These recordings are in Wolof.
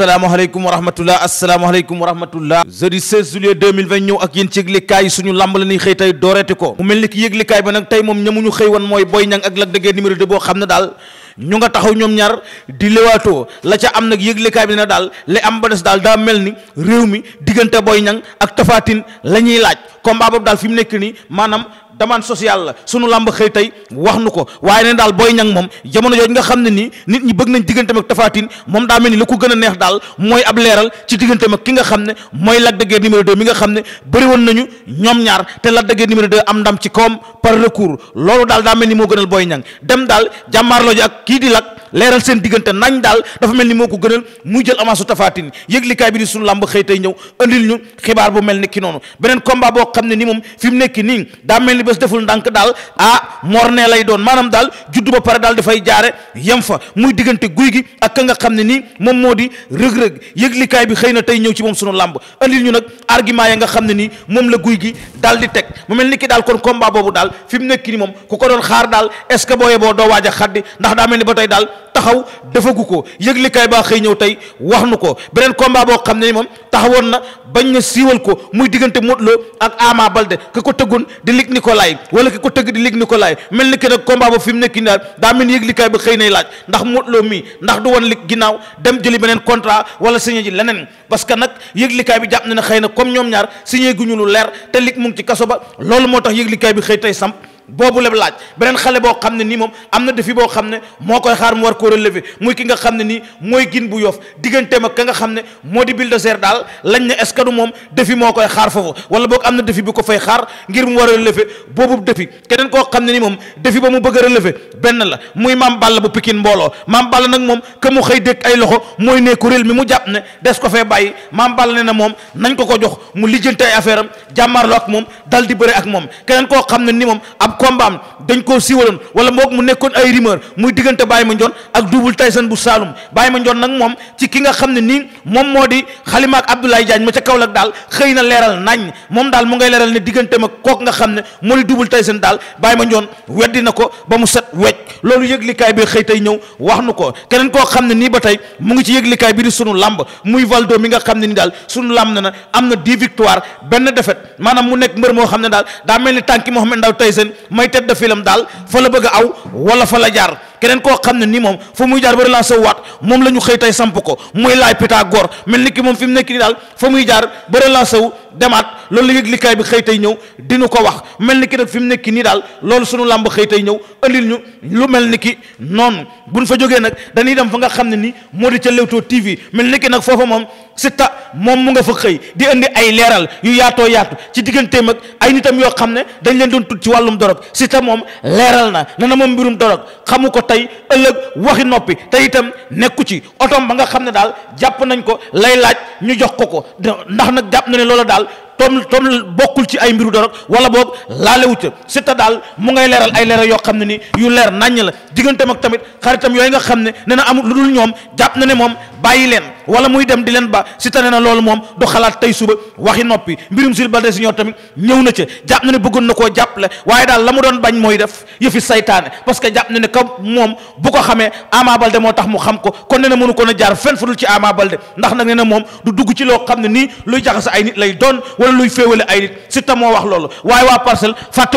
asalaamaaleykum wa rahmatullah asalaamaaleykum wa rahmatullah jeudi 16 juillet 2020 ñëw ak yéen ci yëglikaay yi suñu làmb la ñuy xëy tey dooreete ko mu mel ni ki yëglikaay ba nag tey moom ñamuñu xëy woon mooy Boy Niang ak Lac de Guiers numéro 2 boo xam ne daal ñu nga taxaw ñoom ñaar di lewaatoo la ca am nag yëglekaay bi ne daal li am ba des daal daa mel ni réew mi diggante Boy Niang ak Tapha Tine la ñuy laaj combat boobu daal fi mu nekk nii maanaam demande social la sunu làmb xëy tey wax nu ko waaye ne daal booy Niang moom jamono jooju nga xam ne nii nit ñi bëgg nañ diggante mag tafaatin moom daa mel ni la ko gën a neex daal mooy ab leeral ci digganteem ak ki nga xam ne mooy Lac de Guiers numéro 2 mi nga xam ne bëri nañu ñoom ñaar te Lac de Guiers numéro 2 am ndam ci kawam par recours loolu daal daa mel ni moo gënal booy Niang dem daal jàmmaarloo ji ak kii di Lac leeral seen diggante nañ daal dafa mel ni moo ko gënal muy jël avance su tafaatin yëglikaay bi di sunu làmb xëy tey ñëw andil ñu xibaar bu mel ni ki noonu beneen combat boo xam ne ni moom fi mu nekk nii daa mel ni bés deful ndànk daal ah morne lay doon maanaam daal juddu ba pare daal dafay jaare yem fa muy diggante guy gi ak nga xam ne nii moom moo di rëg-rëg yëglikaay bi xëy na tey ñëw ci moom sunu làmb andil ñu nag argument ya nga xam ne nii moom la guy gi daal di teg mu mel ni ki daal kon combat boobu daal fi mu nekk nii moom ku ko doon xaar daal est ce que boo yeboo doo waaj a xaddi ndax daa mel ni ba tey daal taxaw defagu ko yëglikaay baa xëy ñëw tey wax nu ko beneen combat boo xam ne ni moom taxawoon na bañ na siiwal ko muy diggante Modou Lo ak Ama Baldé ki ko tëggoon di Luc Nicolaï wala ki ko tëgg di Luc Nicolaï mel ni que nag combat ba fi mu nekk nii daal daa mel ni yëglikaay ba xëy nay laaj ndax Modou Lo mii ndax du woon lig ginnaaw dem jëli beneen contrat wala signé ji leneen parce que nag yëglikaay bi jàpp na ne xëy na comme ñoom ñaar signé guñu lu leer te lig mu ngi ci kaso ba loolu moo tax yëglikaay bi xëy tey samp boobu la laaj beneen xale boo xam ne nii moom am na defi boo xam ne moo koy xaar mu war koo relever muy ki nga xam ne nii mooy gin bu yof digganteem ak ka nga xam ne moo di bulldozer daal lañ ne est-ce que du moom defi moo koy xaar foofu boo boog am na défi bi ko fay xaar ngir mu war a relever boobu défi keneen koo xam ne ni moom defi ba mu bëgg a relever benn la muy maam Balla bu Pikine mbooloo maam Balla nag moom que mu xëy dëkk ay loxo mooy ne kuréel mi mu jàpp ne des ko fee bàyyi maam Balla ne na moom nañ ko ko jox mu lijjante ay affaire am jàmmaarloo ak di bëre ak moom keneen koo xam ne ni moom ab kombaam dañ koo siiwaloon wala mboog mu nekkoon ay rumeur muy diggante ma Mandione ak Double Tyson bu Saloum ma Mandione nag moom ci ki nga xam ne nii moom moo di Xalima ak Abdoulaye ma ca Kaolack daal xëy na leeral nañ moom daal mu ngay leeral ne diggante ma kook nga xam ne moo di Double Tyson daal Baye Mandione weddi na ko ba mu set wecc loolu yëglikaay bi xëy tey ñëw wax nu ko keneen koo xam ne nii ba tey mu ngi ci yëglikaay bi di sunu làmb muy Valdo mi nga xam ne ni daal sunu lamb na na am na dix victoire benn defet maanaam mu nekk mbër moo xam ne daal daa mel ni tànki Mohamed Ndaw Tyson may tedd filam daal fa la bëgg aw wala fa la jaar keneen koo xam ne nii moom fu muy jaar ba relancer waat moom la ñu xëy tey samp ko muy laay Pythagore mel ni ki moom fi mu nekk nii daal fa muy jaar ba relancer wu demaat loolu la yëglikaay bi xëy tey ñëw dina ko wax mel ni ki nag fi mu nekk nii daal loolu sunu làmb xëy tey ñëw andil ñu lu mel ni ki noonu bu buñ fa jógee nag dañuy dem fa nga xam ne nii moo di ca Leewtoo TV mel ni ki nag foofa moom Siteu moom mu nga fa xëy di indi ay leeral yu yaatoo yaatu ci digganteem ak ay nitam yoo xam ne dañ leen doon tudd ci wàllum dorog Siteu moom leeral na ne moom mbirum dorog tey ëllëg waxi noppi te itam nekku ci otoom ba nga xam ne daal jàpp nañ ko lay laaj ñu jox ko ko ndax nag jàpp na ne loola daal tom tom bokkul ci ay mbiru dorog wala boog laalewucca Siteu daal mu ngay leeral ay leeral yoo xam ne ni yu leer nàññ la diggante ak tamit xaritam yooyu nga xam ne ne na amul lu dul ñoom jàpp na ne moom bàyyi leen wala muy dem di leen ba si tane na loolu moom du xalaat tey suba waxi noppi mbirum Jules Balde Junior tamit ñëw na ca jàpp na ne bëggoon na koo jàppale waaye daal la mu doon bañ mooy def yëfi saytaane parce que jàpp na ne ka moom bu ko xamee Ama Balde moo tax mu xam ko kon nee na mënu koon na jaar fenn fu dul ci Ama Balde ndax nag nee na moom du dugg ci loo xam ne nii luy jaxase ay nit lay doon wala luy féewale ay nit si ta moo wax loolu waaye waa parcelle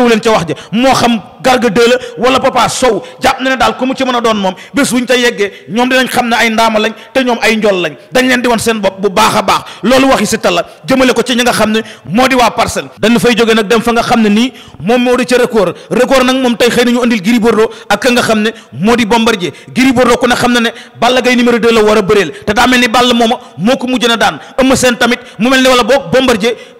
leen ca wax ja moo xam garga deux la wala Papa Sow jàpp na ne daal ku mu ci mën a doon moom bés bu ñu ca yeggee ñoom dinañ xam ne ay ndaama lañ te ñoom ay njol lañ dañ leen di wan seen bopp bu baax a baax loolu waxi Siteu la jëmale ko ci ñi nga xam ne moo di waa Parcelles dañ fay jóge nag dem fa nga xam ne nii moom moo di ca record record nag moom tey xëy nañu andil Gris Bordeaux ak ka nga xam ne moo di Bombardier Gris Bordeaux ku ne xam na ne Balla Gaye numéro 2 war a bëreel te mu mel ni wala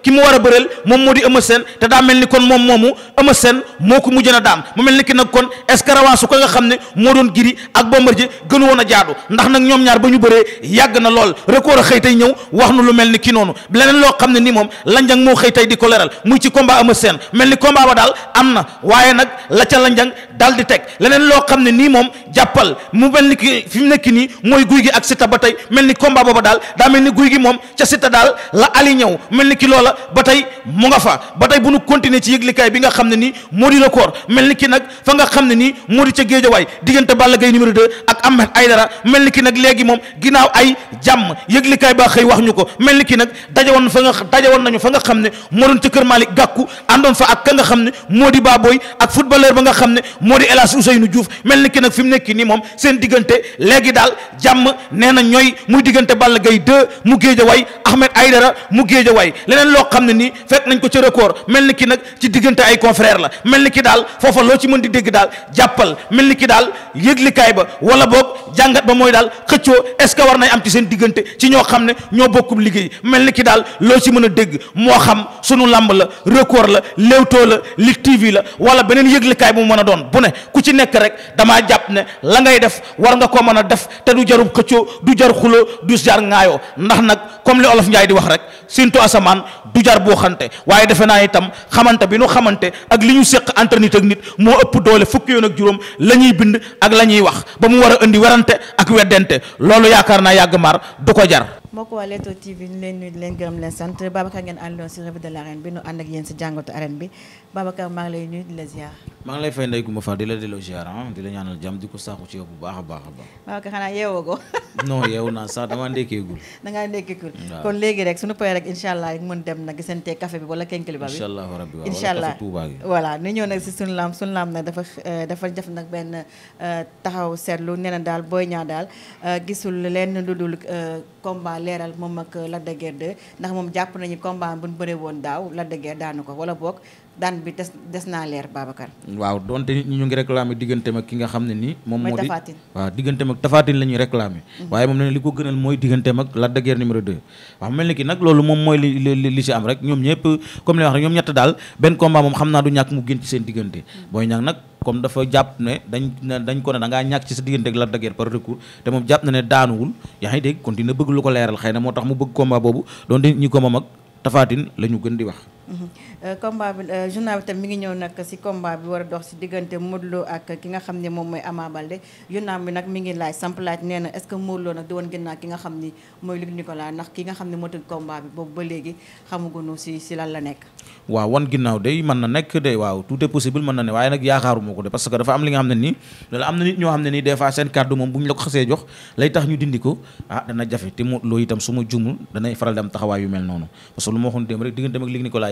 ki mu war a bëreel moom moo di Eumeu Sène te daa mel ni kon moom moomu Eumeu Sène moo ko mujjën na daam mu mel ni ki nag kon est-ce que rawaasu ko nga xam ne moo doon giri ak Bombardier gënu woon a jaadu ndax nag ñoom ñaar ba ñu bëree yàgg na lool record a xëy tey ñëw wax nu lu mel ni ki noonu leneen loo xam ne nii moom lanjang moo xëy tey di ko leral muy ci combat Eumeu Sène mel ni combat ba daal am na waaye nag la ca lanjang daal di teg leneen loo xam ne nii moom jàppal mu mel ni ki fi mu nekk nii mooy guy gi ak Siteu ba tey mel ni combat booba daal daa mel ni guy gi moom ca Siteu daal la ali ñëw mel loola ba tey mu nga fa ba tey bu nu continuer ci yëglikaay bi nga xam ne nii moo di record mel ni ki nag fa nga xam ne nii moo di ca géejawaay diggante Balla Gaye numéro 2 ak Ahmed Aydara mel ni ki nag léegi moom ginnaaw ay jàmm yëglikaay ba xëy wax ñu ko mel ni ki nag dajawoon fa nga dajawoon nañu fa nga xam ne moo doon kër Malick Gakou àndoon fa ak ka nga ne moo di Baboy ak footballeur ba nga xam ne moo di El Hadj Ousseynou Diouf mel ni ki nag fi mu nekk moom seen diggante léegi daal jàmm nee na ñooy muy diggante Balla Gaye 2 mu géejawaay Ahmed Aydara mu géejawaay leneen loo xam ne nii fekk nañ ko ca record mel ni ki nag ci diggante ay confrère la mel ni ki daal foofa loo ci mën di dégg daal jàppal mel ni ki daal yëglikaay ba wala boog jàngat ba mooy daal xëccoo est-ce que war nay am ci seen diggante ci ñoo xam ne ñoo bokkul liggéey mel ni ki daal loo ci mën a dégg moo xam sunu làmb la record la Leewtoo la Lutte TV la wala beneen yëglikaay bu mu mën a doon bu ne ku ci nekk rek damaa jàpp ne la ngay def war nga ko mën a def te du jarub xëccoo du jar xuloo du jar ŋaayoo ndax nag comme li olof Njaay di wax rek sintu asamaan du jar boo xante waaye defe naa itam xamante bi nu xamante ak li ñu séq entre nit moo ëpp doole fukki yoon ak juróom la ñuy bind ak la ñuy wax waxante ak weddente loolu yaakaar naa yàgg maar du ko jar mbokk waa Leewtoo TV ñu leen nuyu di leen gërëm leen sant Babacar ngeen àndoon si revue de l'arène bi nu ànd ak yéen si jàngatu arène bi Babacar maa lay nuyu di la ziar. maa ngi lay fay Ndeye Coumba Fall di la delloo ziar ah, di la ñaanal jàmm di ko saako ci yow bu baax a baax a baax. Babacar xanaa yeewoo ko. non yeewu naa sax damaa ndékkeegul. da ngaa ndékkeegul kon léegi rek suñu paree rek incha allah dem nag gisante café bi wala kenkili ba bi. incha allah rabbi waaw wala café Touba gi voilà ñu ñëw nag si suñu eh, eh, daal booy ñaa daal eh, gisul lenn lu dul leeral moom ak Lac de ndax moom jàpp nañu combat bu ñu bëree woon daaw Lac de daanu ko wala boog daan bi des des naa leer Babacar. waaw donte nit ñi ñu ngi réclamé digganteem ak ki nga xam ne nii. moom moo di waaw digganteem ak tafaatin la ñuy réclamé. Mhm. waaye moom nee na li ko gënal mooy digganteem ak Lac de Guiers numéro 2. waaw mel loolu moom mooy li li si am rek ñoom ñëpp comme li wax rek ñoom ñett daal benn combat moom xam naa du ñàkk mu gën ci seen diggante. Mhm. booy ñàkk nag comme dafa jàpp ne dañ dañ ko da ngaa ñàkk ci sa diggante ak Lac de par recours te moom jàpp na ne daanuwul yaa ngi dégg ko leeral na moo tax mu bëgg combat boobu ko moom ak tafaatin la ñu gën di wax Euh, combat bi euh, journal bi tam mi ngi ñëw nag si combat bi war a dox si diggante Modou Lo ak ki nga xam ne moom mooy Ama Baldé journal bi nag mi ngi laaj samp laaj nee na nag di nga xam ne moo waaw wan ginnaaw day mën na nekk day waaw tout est possible mën na ne waaye nag yaakaaruma ko de parce que dafa am li nga xam ne nii loolu am na nit ñoo xam ne nii des seen kàddu moom bu ñu la ko xasee jox lay tax ñu dindi ko ah dana jafe te Modou Lo itam yu mel noonu parce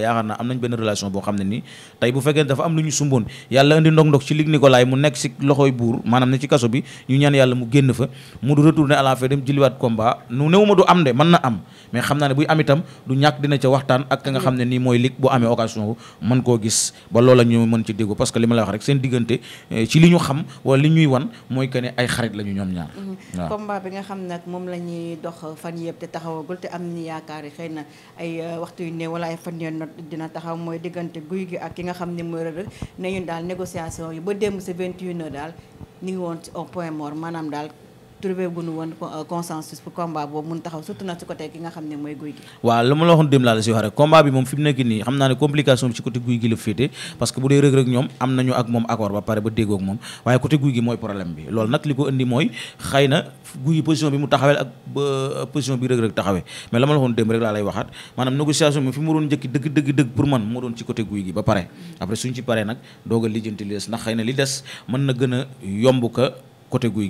yaakaar naa am nañ benn relation boo xam ne nii tey bu fekkee dafa am lu ñu sumboon yàlla indi ndog-ndog ci Luc Nicolaï mu nekk si loxoy buur maanaam koo gis ba loola ñu mën ci déggu parce li ma la wax rek seen diggante eh, ci li ñu xam wala li ñuy wan mooy que ay xarit la ñoom ñaar mhm. waaw bi nga xam nag moom la dox fan yëpp te taxawagul te am yaakaar yi xëy na ay eh, waxtu yu néew wala ay fan yoon dina taxaw mooy diggante guy gi ak ki nga xam ne mooy rëdd ne ñun daal négociation yi ba démb sa 21 heures daal ñu woon ci au point mort maanaam daal trouvé gu nu woon euh, consensus pour combat boobu mun taxaw surtout nag ci côté ki nga xam ne mooy guy gi. waaw lu ma la waxoon démb laa la si wax rek combat bi moom fi mu nekk nii xam naa ne complication bi ci côté guy gi la féete parce que bu dee rëg-rëg ñoom am nañu ak moom accord ba pare ba déggoo moom waaye côté guy gi mooy problème bi loolu nag li ko indi mooy xëy na guy gi position bi mu taxawee ak euh, position bi rëg-rëg taxawee mais la ma la waxoon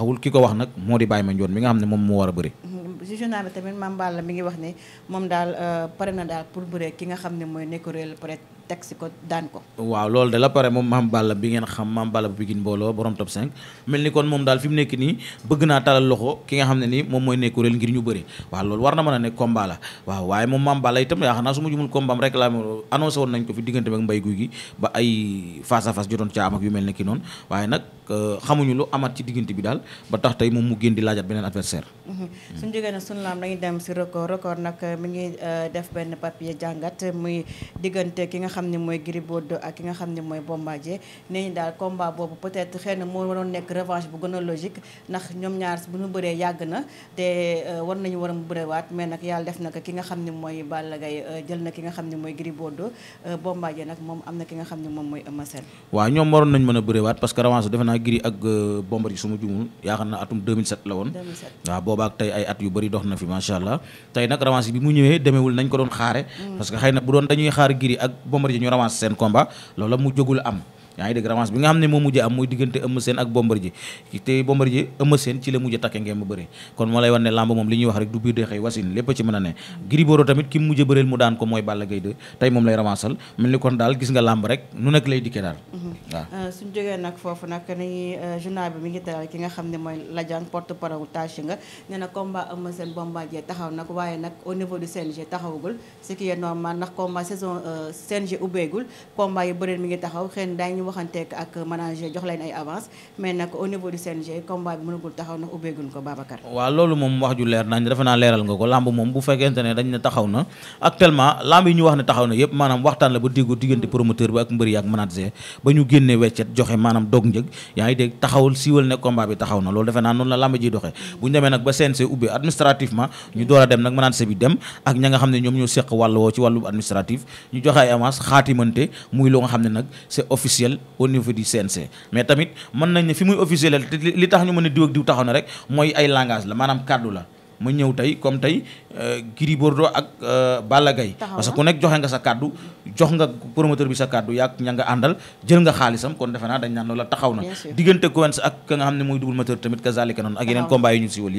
taxawul ki ko wax nag moo di ma Mandione mi nga xam ne moom moo war a bëri ci journal bi tamit Mame Balla mi ngi wax ni moom daal euh, pare na daal pour bëre ki nga xam ne mooy nekk réel peut-être teg si ko daan ko waaw loolu de la pare moom maam Balla bi ngeen xam maam Balla bu Pikine mbooloo borom top 5 mel ni kon moom daal fi nekk nii bëgg naa talal loxo ki nga xam ne nii moom mooy nekk a la waaw waaye moom maam Balla itam yaa xam naa su ma jumul combat am rek laa euh, xamuñu lu amaat ci diggante bi daal ba tax tey moom mu génn di laajat beneen adversaire mhm. suñ jógee na suñu laam dañuy dem si record record nag mi ngi euh, def benn papier jàngat muy diggante ki nga xam ne mooy Gris na moo waroon na euh, ki nga xam ne mooy Balla Gaye euh, jël na ki nga xam ne mooy Gris euh, moom am na ki nga xam ne moom mooy Eumeu Sène waaw ñoom waroon nañ mën a bërewaat parce que revanche defe naa Gris ak Bombardier su ma jumul yaakaar naa atum 2007 la woon waaw booba ak tey ay at yu bëri dox na fi macha allah tey nag revanche bi mu ñëwee demeewul nañ ko doon xaare mm. parce que xëy na bu doon dañuy xaar Gris ak Bombardier ji ñu ramasser seen combat loola mu jogul am yaa ngi dégg revanche bi nga xam ne moo mujj am mooy diggante Eumeu Sène ak Bombardier te Bombardier Eumeu Sène ci la mujj takke ngeen ma bëre kon moo lay wan ne lamb moom li ñuy wax rek du biir de xëy wasin lépp ci mën a ne Gris tamit ki mujj bëreel mu daan ko mooy Balla Gaye 2 tey moom lay revanchal mel ni kon daal gis nga lamb rek nu nekk lay dikkee daal mhm. euh, suñ jógee nag foofu nag ni euh, journal bi mi ngi teral ki taxaw nag waaye nag au waxanteeg ak manager jox leen avance mais au niveau du CNG combat bi mënagul taxaw ndax ubbeeguñ ko Babacar. waaw loolu moom wax ju leer nañ defe naa leeral nga ko lamb moom bu fekkente ne dañ ne taxaw na actuellement lamb yi ñu wax ne taxaw na yëpp maanaam waxtaan la ba déggoo diggante promoteur bi ak mbër yi ak manager ba ñu génnee weccet joxe maanaam dog njëg yaa ngi dégg taxawul siiwal ne combat bi taxaw na loolu defe naa noonu la lamb ji doxee bu ñu a au niveau du CNC mais tamit mën nañ fi muy officiel li tax ñu mën a diw ak diw taxaw na rek mooy ay langage la maanaam kàddu la mu ñëw tey comme tey Euh, Gris Bordeaux ak euh, Balla Gaye parce que ku nekk joxe nga sa kàddu jox nga promoteur bi sa kàddu yaa ña nga àndal jël nga xaalisam kon defe naa dañ naan loola taxaw na diggante Coense ak ka nga xam ne mooy double moteur tamit kazalika noonu ak yeneen mm. guy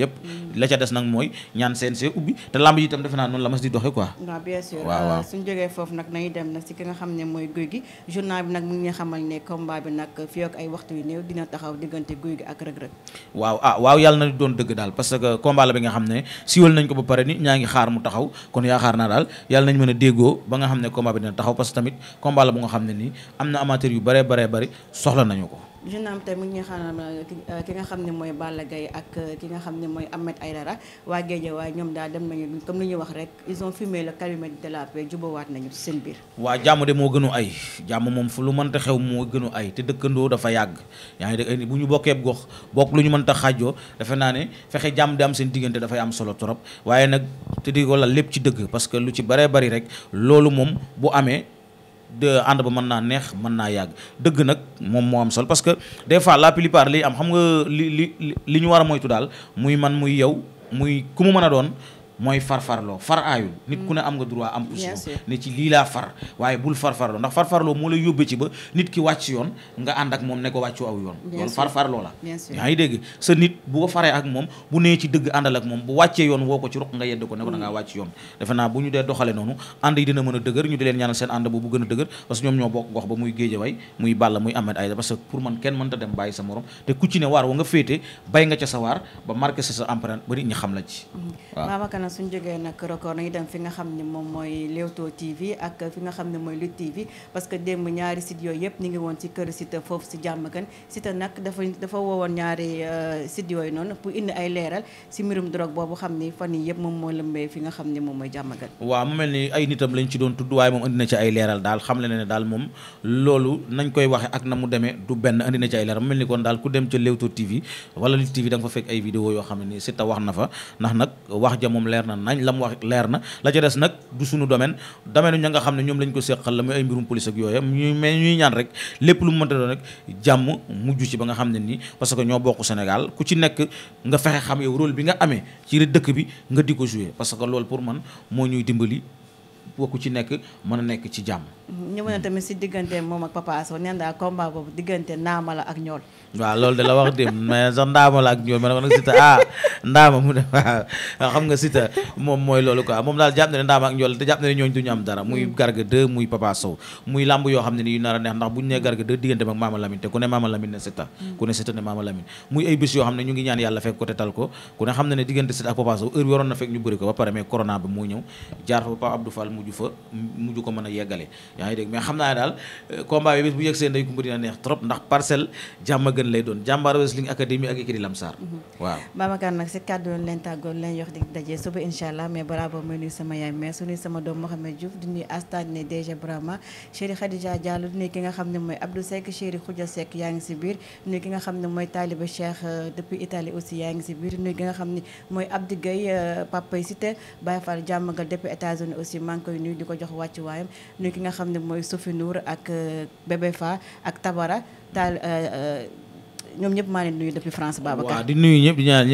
euh, gi ak rëg-rëg waaw ah waaw yàlla na doon dëgg daal parce que combat bi nga xam ne siiwal nañ ko ba pare ni ñaa ngi xaar mu taxaw kon yaakaar naa daal yàlla nañ mën a déggoo ba nga xam ne combat bi dina taxaw parce que tamit combat la bu nga xam ne nii am na amateur yu bare bare bari soxla nañu ko jeune homme tamit ñi nga xam euh, ki nga xam ne mooy Balla ak euh, ki nga xam ne mooy Ahmed Aïdara waa Géeja waaye ñoom daal dem nañu comme li ñu wax rek ils ont fumé le calumet de la paix jubawaat nañu ci seen biir waa jàmm de moo gënu ay jàmm moom fu lu mënta xew moo gënu ay te dëkkandoo dafa yàgg yaa ngi dégg bu ñu bokkee gox bokk lu ñu mënta xaajoo defe naa ne fexe jàmm di am seen diggante dafay am solo trop waaye nag te di ko la lépp ci dëgg parce que lu ci bare bari rek loolu moom bu amee ànd ba mën naa neex mën naa yàgg dëgg nag moom moo am sol parce que des fois la plupart li am xam nga li li li ñu war a moytu daal muy man muy yow muy ku mu mën a doon mooy farfarloo far aayul nit ku ne am nga droit am position ne ci lii laa far waaye bul farfarloo ndax farfarloo moo lay yóbbee ci ba nit ki wàcc yoon nga ànd ak moom ne ko wàccu aw yoon loolu farfarloo la yaa ngi dégg sa nit bu faree ak moom bu nee ci dëgg àndal ak moom bu wàccee yoon woo ko ci ruq nga yedd ko ne ko da ngaa wàcc yoon defe naa bu ñu dee doxale noonu ànd yi dina mën a dëgër ñu di leen ñaanal seen ànd boobu gën dëgër parce que ñoom la suñ jógee nag record nañu dem fi nga xam ne moom mooy Leewtoo TV ak fi nga xam ne mooy Lutte TV parce que démb ñaari site yooyu yëpp ñu ngi woon ci kër site foofu si jàmm kan site nag dafa dafa woowoon ñaari euh, site yooyu noonu pour indi ay leeral si mbirum drogue boobu xam ni fan yii yëpp moom moo lëmbee fi nga xam ne moom mooy jàmm gan. waaw mu mel ni ay nitam lañ ci doon tudd waaye moom indi na ci ay leeral daal xam le ne daal moom loolu nañ koy waxee ak na mu demee du benn indi na ci ay leeral ni kon daal ku dem ca Leewtoo yoo xam ne ni site na leer na nañ la mu wax leer na la ca des nag du suñu domaine domaine ña nga xam ne ñoom lañ ko seqal la muy ay mbirum police ak yooyu ñuy mais ñuy ñaan rek lépp lu mu mënta doon rek jàmm mujj ci ba nga xam ne nii parce que ñoo bokk Sénégal ku ci nekk nga fexe xam yow role bi nga amee ci dëkk bi nga di ko jouer parce que loolu pour man moo ñuy dimbali wa ku ci nekk mën a nekk ci jàmm. ñu mën a tamit si diggante moom ak Papa Sow nee naa combat boobu diggante naama la ak ñool. waaw loolu de la wax de mais sax ne ah, na ne ndaama ak ñool te jàpp ne ñooñu du ñu dara. muy mm. Garga 2 muy Papa muy lamb yoo xam ne ni yu a neex ndax bu ñu nee Garga 2 diggante ak Mama Lamine te ku ne Mama Lamine ne Siteu. Mm. ku ne Siteu ne Mama Lamine muy ay yoo xam ne ñu ngi ñaan yàlla fekk ko te ko ku ne xam na ne diggante ba pare mais corona ba moo ñëw jaar fa mujj fa mujj ko mën a yeggale yaa ngi dégg mais xam naa daal euh, combat bi bis bu yegg seen day kumba dina neex trop ndax parcelle jàmma gën lay doon jàmbaar wrestling académie ak mhm. sama yaay mais su nuyu sama doom Mohamed Diouf di nuyu Astan ne déjà Brahma chéri Khadija Diallo di nuyu ki nga xam ne mooy Abdou Seck chéri Khoudia Seck yaa ngi si biir nuyu ki nga xam ne mooy Taliba Cheikh euh, depuis Italie aussi yaa ngi si biir nuyu ki nga xam ne mooy Abdi Gueye euh, Papa Cité Baye Fall koy nuyu di ko jox wàccuwaayam nuyu ki nga xam ne mooy Sophie Nour ak euh, Bébé Fa ak Tabara taal euh, euh, ñoom ñëpp maa leen di nuyu ñëpp di ñaan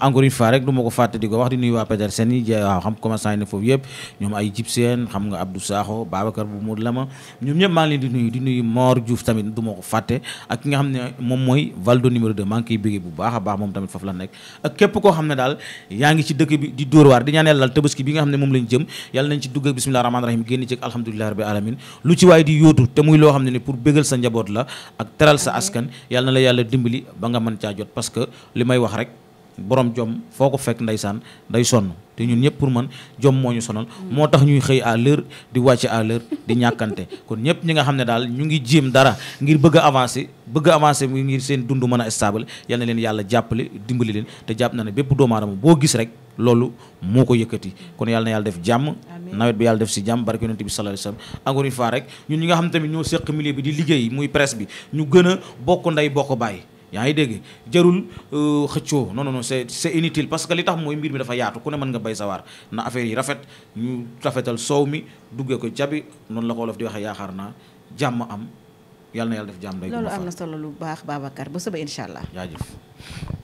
ah. du ma ko fàtte di ko wax di nuyu waa Petersen yi waaw yi ne foofu yëpp ñoom bu mu lama ñoom ñëpp maa leen di nuyu di nuyu Mor Diouf tamit du ma ko fàtte ak ki nga xam ne moom mooy Valdo numéro 2 maa ngi bu baax a baax moom tamit foofu la nekk ak képp koo xam ne daal yaa ngi ci dëkk bi di dóor waar di ñaan yàlla tabaski bi nga xam ne moom lañ jëm yàlla nañ ci dugg bismillah rahmaan rahim la ak yàlla dimbali ba nga mën caa jot parce que li may wax rek borom jom foo ko fekk ndeysaan day sonn te ñun ñëpp pour man jom moo ñu moo tax ñuy xëy à l'heure di wàcc à l'heure di ñàkkante kon ñëpp ñi nga xam ne daal ñu ngi jéem dara ngir bëgg a bëgg a mu ngir seen dund mën a stable yal na leen yàlla jàppale dimbali leen te jàpp na ne bépp doomu boo gis rek loolu moo ko yëkkati kon yàlla na yàlla def jàmm nawet bi yàlla def si jàmm barke yonent bi sallallahu alayhi wasallam encore une fois rek ñun ñi nga xam tamit ñoo seq milieu bi di liggéey muy presse bi ñu gën a bokk ndey bokk bàyyi yaa ngi dégg jarul euh, xëccoo non non non c'est c'est inutile parce que li tax mooy mbir mi dafa yaatu ku ne mën nga bay sawar na affaire yi rafet ñu rafetal soow mi duggee ko jabi noonu la ko wolof di waxee yaakaar naa jàmm am yàlla na yàlla def jàmm day loolu am na solo lu baax Babacar ba suba incha allah jaajëf